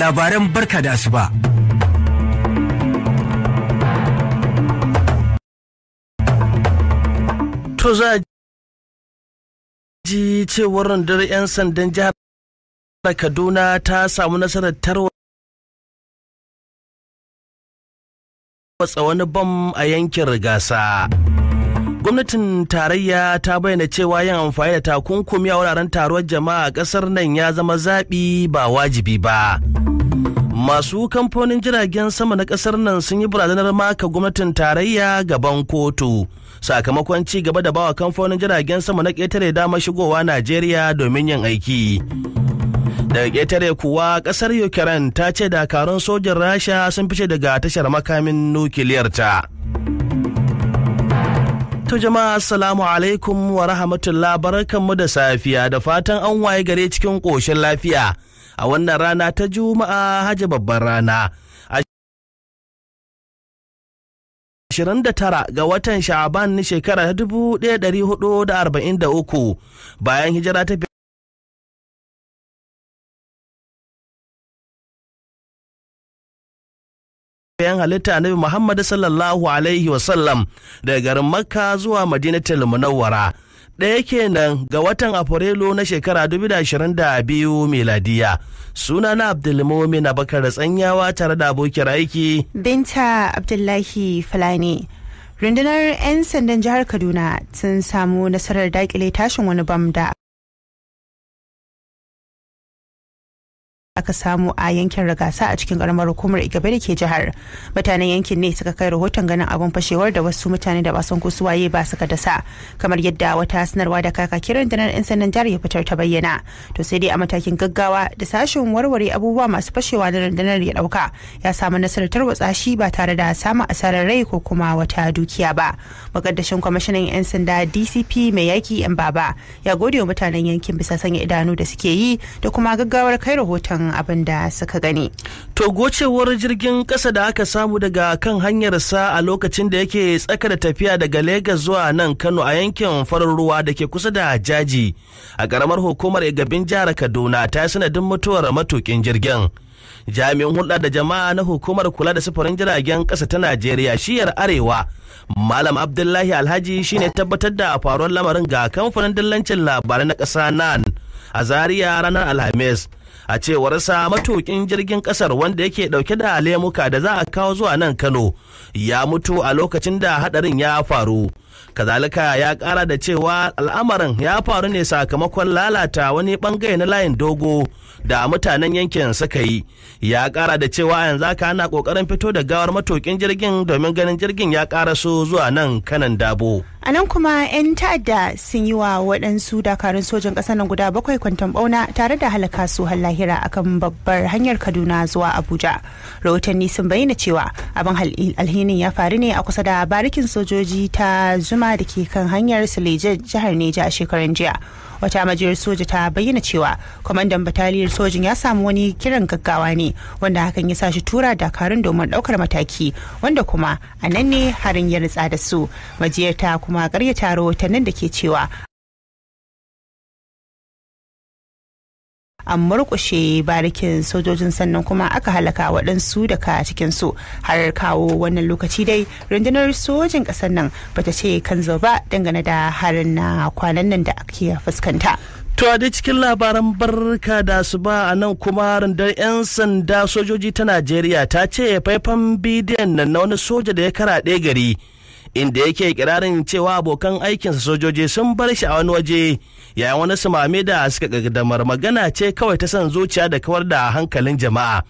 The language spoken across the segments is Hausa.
labaran barka da asuba. To za ji cewar rundunar 'yan sandan jihar Kaduna ta samu nasarar tarwatsa wani bam a yankin rigasa. Gwamnatin tarayya ta bayyana cewa yin amfani da takunkumi a wuraren taruwar jama'a a ƙasar nan ya zama zaɓi ba wajibi ba. masu kamfanin jiragen sama na kasar nan sun yi barazanar maka gwamnatin tarayya gaban kotu sakamakon ci gaba da bawa kamfanin jiragen sama na ƙetare dama shigowa najeriya domin yin aiki daga ƙetare kuwa ƙasar ukraine ta ce dakarun sojin rasha sun fice daga tashar makamin nukiliyarta To jama'a assalamu alaikum wa rahmatullah barkanmu da safiya da fatan an waye gare cikin ƙoshin lafiya. a wannan rana ta juma'a hajji babban rana da tara ga watan sha'aban na da uku, bayan hijira ta bayan halitta annabi Muhammad sallallahu alaihi wasallam daga garin Makka zuwa Madinatul Munawwara ɗaya kenan ga watan afrilu na shekara 2022 meladiya na abdulmumin abakar tsanyawa tare da abokin aiki binta abdullahi fulani rundunar 'yan sandan jihar kaduna sun samu nasarar dakile tashin wani bam da aka samu a yankin ragasa a cikin karamar hukumar igabe da ke jihar mutanen yankin ne suka kai rahoton ganin abun fashewar da wasu mutane da basan kusuwaye ba suka dasa kamar yadda wata sanarwa da kaka kiran da nan 'yan sandan jihar ya fitar ta bayyana to sai dai a matakin gaggawa da sashen warware abubuwa masu fashewa da rundunar ya dauka ya samu nasarar tarwatsa shi ba tare da samun asarar rai ko kuma wata dukiya ba mukaddashin kwamishinan 'yan sanda dcp mai yaki yan baba ya gode wa mutanen yankin bisa sanya idanu da suke yi da kuma gaggawar kai rahoton abin da suka gani. To gocewar jirgin ƙasa da aka samu daga kan hanyarsa a lokacin da yake tsaka da tafiya daga Legas zuwa nan Kano a yankin farar ruwa da ke kusa da jaji a ƙaramar hukumar Igabin jihar Kaduna ta sanadin mutuwar matukin jirgin. jami'in hulɗa da jama'a na hukumar kula da sufurin jiragen ƙasa ta najeriya shiyar arewa malam abdullahi alhaji shine tabbatar da faruwar lamarin ga kamfanin dillancin labarai na ƙasa nan a zaria ranar alhamis a cewarsa, sa matukin jirgin kasar wanda yake dauke da lemuka da za a kawo zuwa nan Kano ya mutu a lokacin da hadarin ya faru kazalika ya kara da cewa al'amarin ya faru ne sakamakon lalata wani bangare na layin dogo da mutanen yankin suka yi ya kara da cewa yanzu aka ana kokarin fito da gawar matukin jirgin domin ganin jirgin ya kara su zuwa nan kanan dabo a nan kuma 'yan ta'adda sun yi wa waɗansu dakarun sojan ƙasar nan guda bakwai kwanton bauna tare da halaka su lahira akan babbar hanyar kaduna zuwa abuja rahotanni sun bayyana cewa abin alhinin ya faru ne a kusa da barikin sojoji ta zuma da ke kan hanyar Silije jihar Neja a shekarun jiya. Wata majiyar soja ta bayyana cewa kwamandan bataliyar sojin ya samu wani kiran gaggawa ne wanda hakan ya sa shi tura dakarun domin daukar mataki wanda kuma a nan ne harin ya nutsa da su. Majiyar ta kuma karya taro ta nan da ke cewa an murkushe barikin sojojin sannan kuma aka halaka waɗansu daga cikinsu har kawo wannan lokaci dai rundunar sojin ƙasar nan bata ce kan ba dangane da harin na kwanan nan da ake fuskanta. To dai cikin labaran barka da su ba a nan kuma rundar 'yan sanda sojoji ta Najeriya ta ce faifan bidiyon nan na wani soja da ya kara ɗaya gari. inda yake kirarin cewa abokan aikinsa sojoji sun bar shi a wani waje yayin wani sumame da suka gaddamar magana ce kawai ta san zuciya da kawar da hankalin jama'a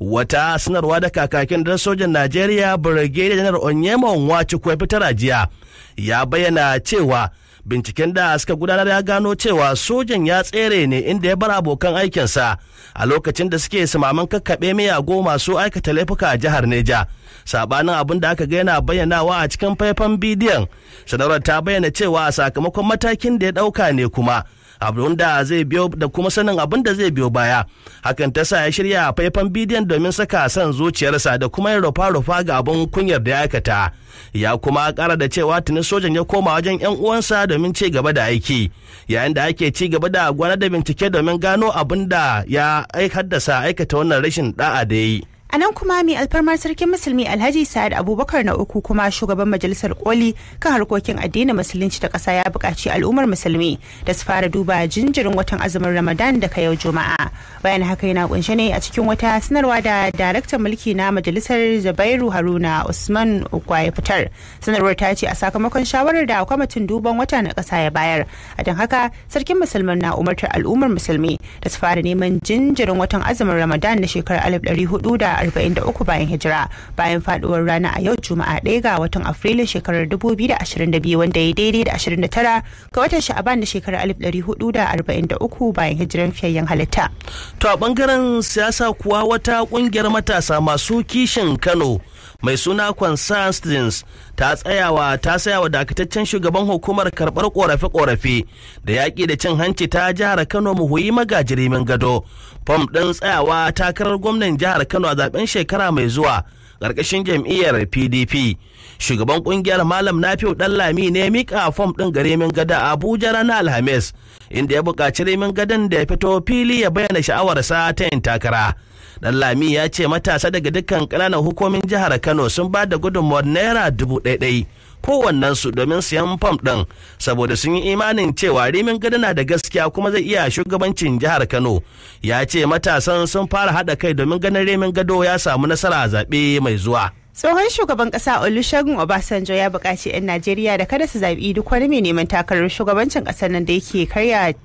wata sanarwa da kakakin da sojan najeriya brigadier general onyema onwachukwu ya fitar jiya ya bayyana cewa binciken da suka gudanar ya gano cewa sojan ya tsere ne inda ya bar abokan aikinsa a lokacin da suke sumaman kakkaɓe miyago masu aikata laifuka a jihar neja sabanin abin da aka ga yana bayyanawa a cikin faifan bidiyon sanarwar ta bayyana cewa sakamakon matakin da ya ɗauka ne kuma abin da zai biyo da kuma sanin abin da zai biyo baya hakan ta sa ya shirya faifan bidiyon domin saka san zuciyarsa da kuma yin rufa-rufa ga abin kunyar da ya aikata ya kuma kara da cewa tuni sojan ya koma wajen yan uwansa domin ci gaba da aiki yayin da ake ci gaba da gwana da bincike domin gano abin da ya haddasa aikata wannan rashin da'a da yi a nan kuma mai alfarmar sarkin musulmi alhaji sa'ad abubakar na uku kuma shugaban majalisar koli kan harkokin addinin musulunci ta kasa ya buƙaci al'ummar musulmi da su fara duba jinjirin watan azumin ramadan da ka yau juma'a bayan haka yana kunshe ne a cikin wata sanarwa da daraktan mulki na majalisar zabairu haruna usman ukwa ya fitar sanarwar ta ce a sakamakon shawarar da kwamitin duban wata na kasa ya bayar a don haka sarkin musulmi na umartar al'ummar musulmi da su fara neman jinjirin watan azumin ramadan na shekarar alif ɗari hudu da 43 bayan hijira bayan faduwar rana a yau juma'a 1 ga watan afrilun shekarar 2022 wanda ya daidai da 29 ga watan sha'aban na shekarar 1443 bayan hijiran fiyayyen halitta. To a bangaren siyasa kuwa wata kungiyar matasa masu kishin Kano mai suna Constance ta tsayawa ta tsayawa dakataccen shugaban hukumar karɓar ƙorafe korafe da yaƙi da cin hanci ta jihar Kano mu muhuyi magajirimin gado. Fom ɗin tsayawa takarar gwamnan jihar Kano a zaben shekara mai zuwa ƙarƙashin jam'iyyar pdp shugaban ƙungiyar malam nafiu ɗanlami ne mika fom ɗin ga remin gada abuja ranar alhamis inda ya buƙaci remin gadan da ya fito fili ya bayyana sha'awarsa ta yin takara ɗanlami ya ce matasa daga dukkan ƙananan hukumin jihar kano sun ba da gudunmawar naira dubu ɗaiɗai kowannensu domin siyan fam ɗin saboda sun yi imanin cewa rimin gado na da gaskiya kuma zai iya shugabancin jihar kano ya ce matasan sun fara haɗa kai domin ganin rimin gado ya samu nasara a zaɓe mai zuwa. tsohon shugaban kasa olusegun obasanjo ya buƙaci 'yan najeriya da kada su zaɓi duk wani mai neman takarar shugabancin ƙasar nan da yake karyar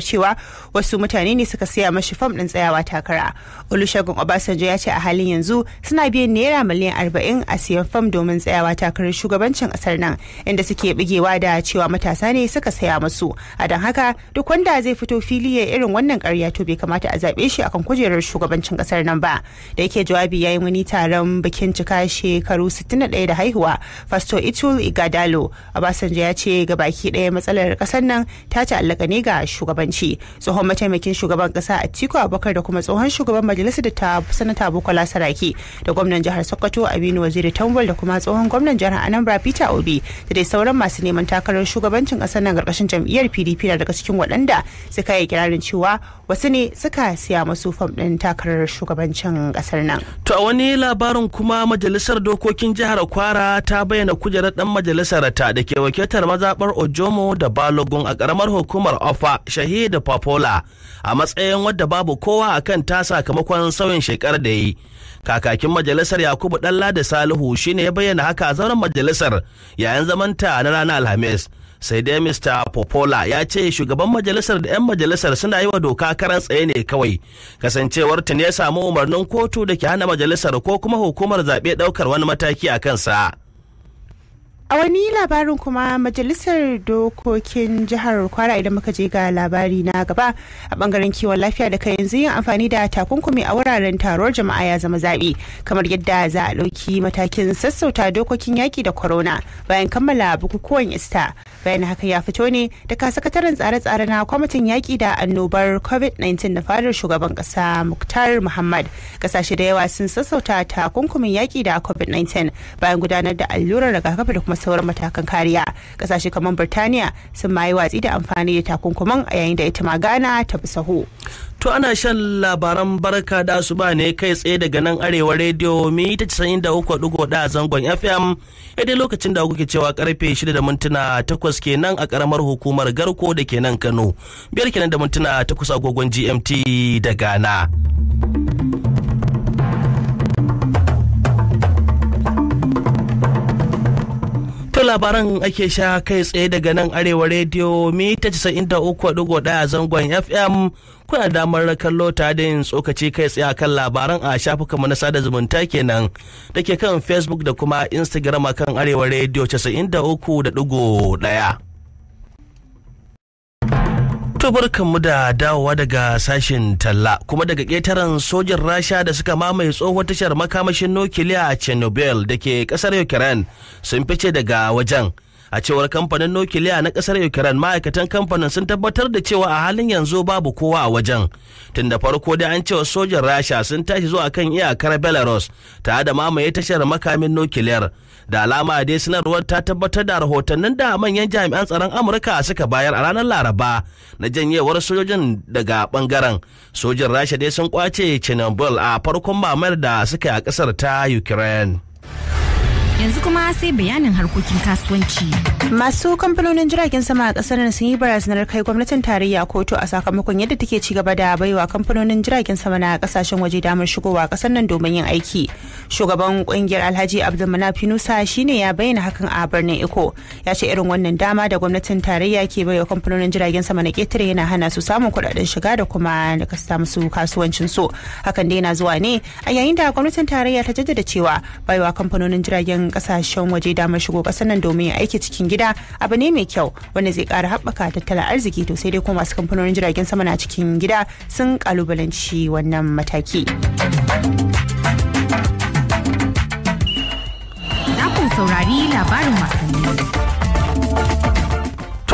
cewa wasu mutane ne suka siya mashi fam din tsayawa takara olusegun obasanjo ya ce a halin yanzu suna biyan naira miliyan arba'in a siyan fam domin tsayawa takarar shugabancin ƙasar nan inda suke bugewa da cewa matasa ne suka saya masu a don haka duk wanda zai fito fili ya irin wannan ƙarya to bai kamata a zaɓe shi akan kujerar shugabancin ƙasar nan ba da yake jawabi ya yi wani taron bikin cika cika shekaru 61 da haihuwa fasto itul igadalo obasanjo ya ce ga baki ɗaya matsalar ƙasar nan ta ta'allaka ne ga shugabanci tsohon mataimakin shugaban ƙasa tiko abubakar da kuma tsohon shugaban majalisar da ta sanata bukola saraki da gwamnan jihar sokoto aminu waziri tambol da kuma tsohon gwamnan jihar anambra peter obi da dai sauran masu neman takarar shugabancin ƙasar nan ƙarƙashin jam'iyyar pdp na daga cikin waɗanda suka yi kirarin cewa wasu ne suka siya masu fam ɗin takarar shugabancin ƙasar nan. to a wani labarin kuma majalisar dokokin jihar Kwara ta bayyana kujerar ɗan majalisar ta da ke wakiltar mazaɓar Ojomo da Balogun a karamar hukumar Ofa shahida popola a matsayin wadda babu kowa a kan ta sakamakon sauyin shekarar da yi. Kakakin majalisar Yakubu dalla da Salihu shine ya bayyana haka a zauren majalisar yayin zamanta na ranar Alhamis. sai dai mr popola ya ce shugaban majalisar da 'yan majalisar suna yi wa doka karan tsaye ne kawai kasancewar ta ne samu umarnin kotu da ke hana majalisar ko kuma hukumar zaɓe ɗaukar wani mataki a kansa a wani labarin kuma majalisar dokokin jihar kwara idan muka je ga labari na gaba a bangaren kiwon lafiya da yanzu yin amfani da takunkumi a wuraren taron jama'a ya zama zaɓe kamar yadda za a ɗauki matakin sassauta dokokin yaƙi da corona bayan kammala bukukuwan ista bayan haka ya fito ne daga sakataren tsare-tsare na kwamitin yaƙi da annobar covid-19 na fadar shugaban kasa muktar muhammad ƙasashe da yawa sun sassauta takunkumin yaƙi da covid-19 bayan gudanar da allurar rigakafi da kuma sauran matakan kariya kasashe kamar birtaniya sun mayi watsi da amfani da takunkuman a yayin da ita ma ghana ta fi saho to ana shan labaran barka da ba ne kai tsaye daga nan arewa rediyo mi ta da uku a zangon fm daidai lokacin da kuke cewa karfe 6 da mintuna 8 takwas kenan a karamar hukumar garko da kenan kano biyar kenan da mintuna ta kusa agogon gmt da ghana labaran ake sha kai tsaye daga nan arewa rediyo mita 93.1 zangon FM kuna damar kallo ta da yin tsokaci kai tsaye kan labaran a shafukan na sada zumunta kenan da ke kan Facebook da kuma Instagram akan arewa rediyo 93.1. To mu da dawowa daga sashen talla kuma daga ƙetaren sojin Rasha da suka mamaye tsohuwar tashar makamashin nukiliya a Chernobyl da ke ƙasar Ukraine sun fice daga wajen. a cewar kamfanin nukiliya na kasar ukraine ma'aikatan kamfanin sun tabbatar da cewa a halin yanzu babu kowa a wajen tun da farko dai an cewa sojan rasha sun tashi zuwa kan iyakar belarus tare da mamaye tashar makamin nukiliyar da alama dai sanarwar ta tabbatar da rahotannin da manyan jami'an tsaron amurka suka bayar a ranar laraba na janyewar sojojin daga bangaren sojin rasha dai sun kwace chernobyl a farkon mamayar da suka yi a kasar ta ukraine Yanzu kuma sai bayanin harkokin kasuwanci. Masu kamfanonin jiragen sama a ƙasar nan sun yi barazanar kai gwamnatin tarayya kotu a sakamakon yadda take ci gaba da baiwa kamfanonin jiragen sama na ƙasashen waje damar shigowa ƙasar nan domin yin aiki. Shugaban ƙungiyar Alhaji Abdulmanaf Yunusa shine ya bayyana hakan a birnin eko Ya ce irin wannan dama da gwamnatin tarayya ke baiwa kamfanonin jiragen sama na ƙetare yana hana su samun kuɗaɗen shiga da kuma na kasta musu kasuwancin su. Hakan dai na zuwa ne a yayin da gwamnatin tarayya ta jaddada cewa baiwa kamfanonin jiragen kasashen waje damar shigo kasar nan domin aiki cikin gida abu ne mai kyau wanda zai kara haɓaka tattalin arziki to sai dai kuma masu kamfanonin jiragen sama na cikin gida sun kalubalanci wannan mataki. saurari labarin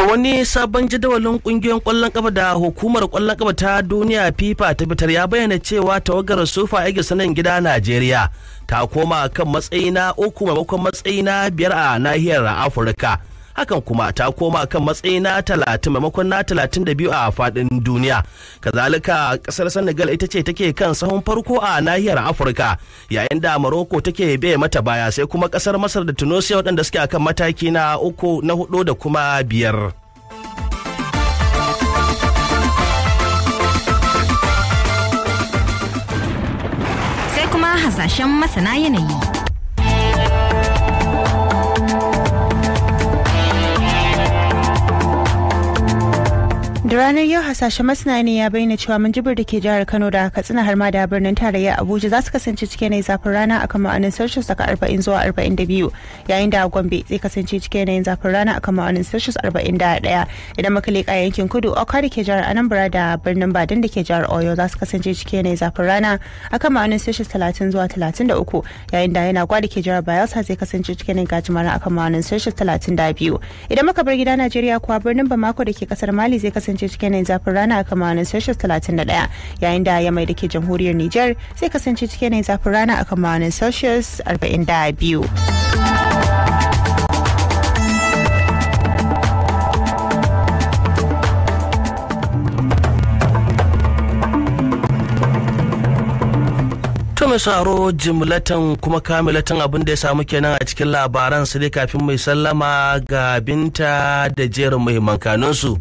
To wani sabon jadawalin kungiyoyin kwallon kafa da hukumar kwallon kafa ta duniya FIFA ta fitar ya bayyana cewa tawagar Sufa Eagles nan gida Najeriya ta koma kan matsayi na uku maimakon matsayi na biyar a nahiyar Afirka. hakan kuma ta koma kan matsayi na talatin maimakon na talatin da biyu a faɗin duniya kazalika kasar senegal ita ce take kan sahun farko a nahiyar afirka yayin da morocco take bai mata baya sai kuma kasar masar da tunisia waɗanda suke akan mataki na uku na hudu da kuma biyar sai kuma hasashen masana yanayi da ranar yau hasashe masana ne ya bayyana cewa manjibir da ke jihar kano da katsina har ma da birnin tarayya abuja za su kasance cike ne zafin rana akan ma'anin celsius daga arba'in zuwa arba'in da biyu yayin da gombe zai kasance cike ne zafin rana akan ma'anin celsius arba'in da ɗaya idan muka leƙa yankin kudu oka da ke jihar anambra da birnin badin da ke jihar oyo za su kasance cike ne zafin rana akan ma'anin celsius talatin zuwa talatin da uku yayin da yana da ke jihar bayelsa zai kasance cike ne gajimara akan ma'anin celsius talatin da biyu idan muka bar gida najeriya kuwa birnin bamako da ke kasar mali zai kasance kasance cikin yanayin zafin rana a kamanin celsius 31 yayin da yamai da ke jamhuriyar niger zai kasance cikin yanayin zafin rana a kamanin celsius 42. kuma saro jimlatan kuma kamilatan abin da ya samu kenan a cikin labaran sai kafin mai sallama ga binta da jerin muhimman kanunsu.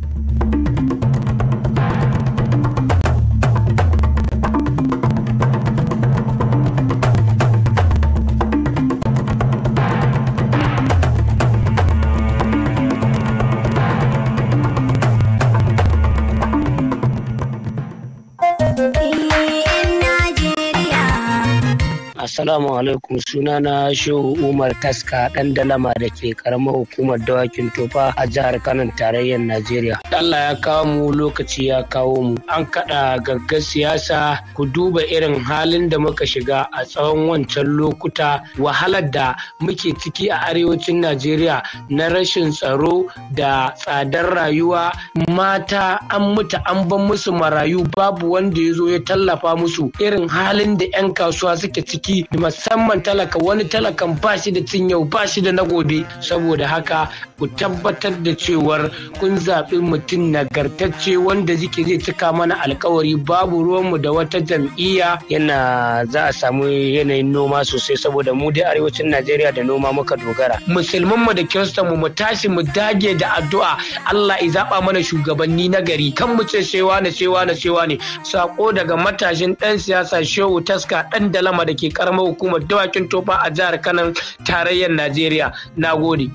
Thank Assalamu alaikum Suna na Shehu Umar Taska dan Dalama da ke karamar hukumar dawakin tofa a jihar Kano tarayyar Najeriya. Allah ya kawo mu lokaci ya kawo mu. An kaɗa gaggar siyasa ku duba irin halin da muka shiga a tsawon wancan lokuta wahalar da muke ciki a arewacin Najeriya na rashin tsaro da tsadar rayuwa mata an mutu an ban musu marayu babu wanda ya zo ya tallafa musu irin halin da 'yan kasuwa suke ciki ciki musamman talaka wani talakan ba shi da cin yau ba shi da na gobe saboda haka ku tabbatar da cewar kun zaɓi mutum nagartacce wanda jiki zai cika mana alkawari babu ruwanmu da wata jam'iyya yana za a samu yanayin noma sosai saboda mu dai arewacin najeriya da noma muka dogara mu da kiristanmu mu tashi mu dage da addu'a allah i zaɓa mana shugabanni na gari kan mu ce shewa na shewa na shewa ne sako daga matashin ɗan siyasa shehu taska ɗan dalama da ke karamar hukumar dawakin tofa a jihar kanan tarayyar najeriya na gode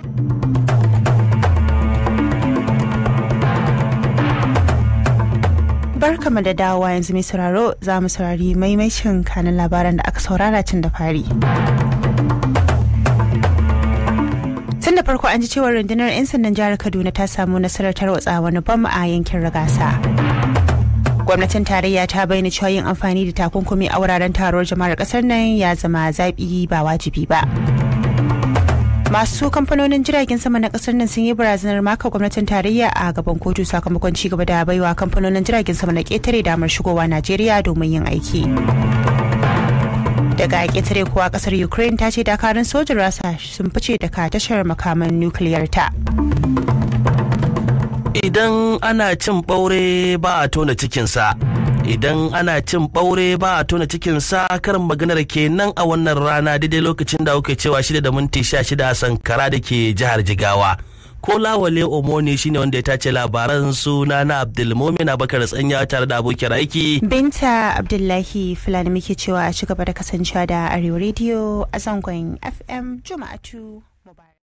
barkama da dawowa yanzu mai sauraro za mu saurari maimacin kanin labaran da aka saurara cin da fari. tun da farko an ji cewar rundunar 'yan sandan jihar kaduna ta samu nasarar tarwatsa wani bam a yankin ragasa. gwamnatin tarayya ta bayyana cewa yin amfani da takunkumi a wuraren taron jama'ar kasar nan ya zama zaɓi ba wajibi ba masu kamfanonin jiragen sama na kasar nan sun yi barazanar maka gwamnatin tarayya a gaban kotu sakamakon ci gaba da baiwa kamfanonin jiragen sama na ƙetare damar shigowa najeriya domin yin aiki daga ƙetare kuwa kasar ukraine ta ce dakarun sojin rasa sun fice daga tashar makaman nukiliyar ta Idan ana cin ɓaure ba a tona cikinsa. Idan ana cin ɓaure ba a tona cikinsa karin maganar kenan a wannan rana daidai lokacin da kuke cewa shida da minti sha shida sankara da ke jihar Jigawa. ko lawale omoni shine wanda ya tace labaran suna na abdulmomin abakar tsanya tare da abokin aiki binta abdullahi fulani muke cewa a cigaba da kasancewa da arewa radio a zangon fm juma'atu